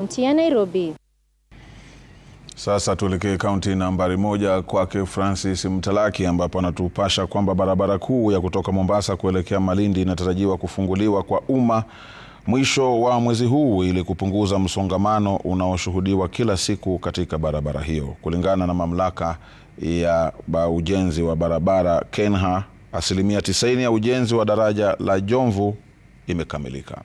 Kaunti ya Nairobi. Sasa tuelekee kaunti nambari moja kwake Francis Mtalaki ambapo anatupasha kwamba barabara kuu ya kutoka Mombasa kuelekea Malindi inatarajiwa kufunguliwa kwa umma mwisho wa mwezi huu ili kupunguza msongamano unaoshuhudiwa kila siku katika barabara hiyo. Kulingana na mamlaka ya ujenzi wa barabara KENHA, asilimia 90 ya ujenzi wa daraja la Jomvu imekamilika.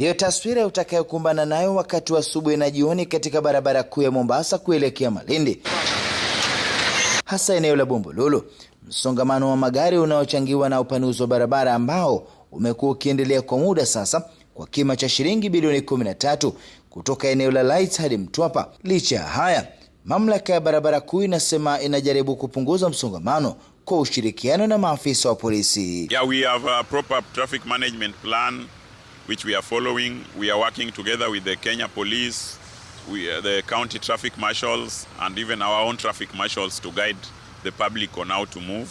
Ndiyo taswira utakayokumbana nayo wakati wa asubuhi na jioni katika barabara kuu ya Mombasa kuelekea Malindi, hasa eneo la Bombolulu. Msongamano wa magari unaochangiwa na upanuzi wa barabara ambao umekuwa ukiendelea kwa muda sasa kwa kima cha shilingi bilioni 13 kutoka eneo la Lights hadi Mtwapa. Licha ya haya, mamlaka ya barabara kuu inasema inajaribu kupunguza msongamano kwa ushirikiano na maafisa wa polisi. Yeah, we have a proper traffic management plan which we are following. We are working together with the Kenya Police, we, uh, the county traffic marshals, and even our own traffic marshals to guide the public on how to move.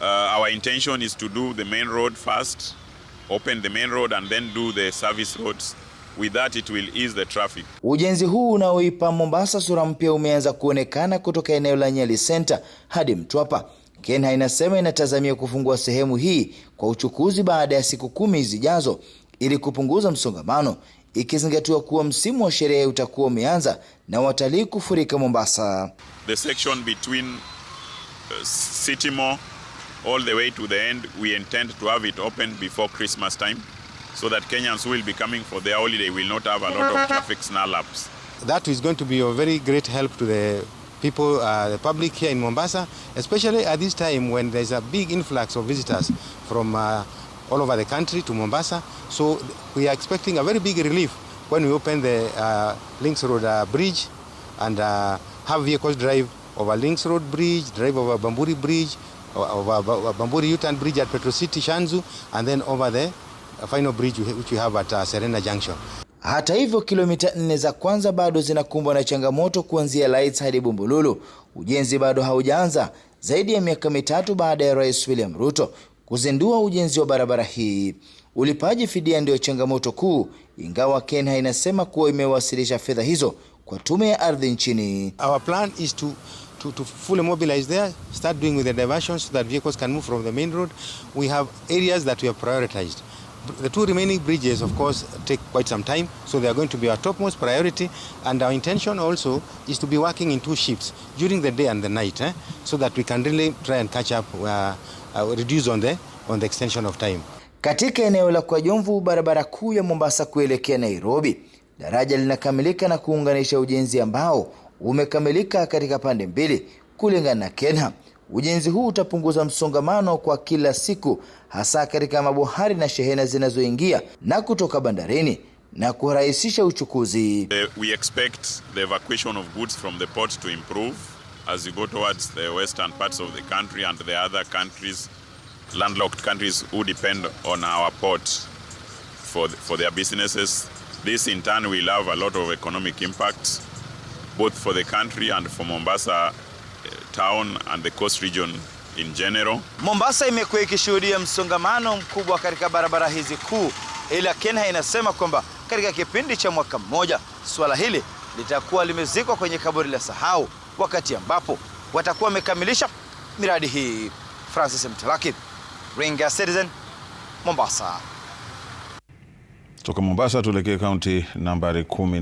Uh, our intention is to do the main road first, open the main road and then do the service roads. With that it will ease the traffic. Ujenzi huu unaoipa Mombasa sura mpya umeanza kuonekana kutoka eneo la Nyali Center hadi Mtwapa. Kena inasema inatazamia kufungua sehemu hii kwa uchukuzi baada ya siku kumi zijazo ili kupunguza msongamano, ikizingatiwa kuwa msimu wa sherehe utakuwa umeanza na watalii kufurika Mombasa. The section between uh, City Mall all the way to the end we intend to have it open before Christmas time so that Kenyans who will be coming for their holiday will not have a lot of traffic snarl ups. That is going to be a very great help to the people, uh, the public here in Mombasa, especially at this time when there's a big influx of visitors from uh, all over the country to Mombasa. So we are expecting a very big relief when we open the uh, Links Road uh, bridge and uh, have vehicles drive over Links Road bridge, drive over Bamburi bridge, over, uh, Bamburi U-turn bridge at Petro City Shanzu and then over the uh, final bridge which we have at uh, Serena Junction. Hata hivyo kilomita nne za kwanza bado zinakumbwa na changamoto kuanzia Lights hadi Bumbululu. Ujenzi bado haujaanza zaidi ya miaka mitatu baada ya Rais William Ruto kuzindua ujenzi wa barabara hii. Ulipaji fidia ndiyo changamoto kuu, ingawa KENHA inasema kuwa imewasilisha fedha hizo kwa tume ya ardhi nchini. Our plan is to to, to fully mobilize there, start doing with the diversions so that vehicles can move from the main road. We have areas that we have prioritized. The two remaining bridges, of course, take quite some time, so they are going to be our topmost priority. And our intention also is to be working in two shifts during the day and the night, eh? so that we can really try and catch up, uh, uh, reduce on the, on the extension of time. Katika eneo la Kwa barabara kuu ya Mombasa kuelekea Nairobi, daraja linakamilika na kuunganisha ujenzi ambao umekamilika katika pande mbili kulingana na Kenha. Ujenzi huu utapunguza msongamano kwa kila siku, hasa katika mabohari na shehena zinazoingia na kutoka bandarini na kurahisisha uchukuzi. We expect the evacuation of goods from the port to improve as you go towards the western parts of the country and the other countries landlocked countries who depend on our port for, the, for their businesses. This in turn will have a lot of economic impact both for the country and for Mombasa town and the coast region in general. Mombasa imekuwa ikishuhudia msongamano mkubwa katika barabara hizi kuu, ila Kenha inasema kwamba katika kipindi cha mwaka mmoja suala hili litakuwa limezikwa kwenye kaburi la sahau, wakati ambapo watakuwa wamekamilisha miradi hii. Francis Mtalaki, Ringa Citizen, Mombasa. Toka Mombasa tuelekee kaunti nambari kumi.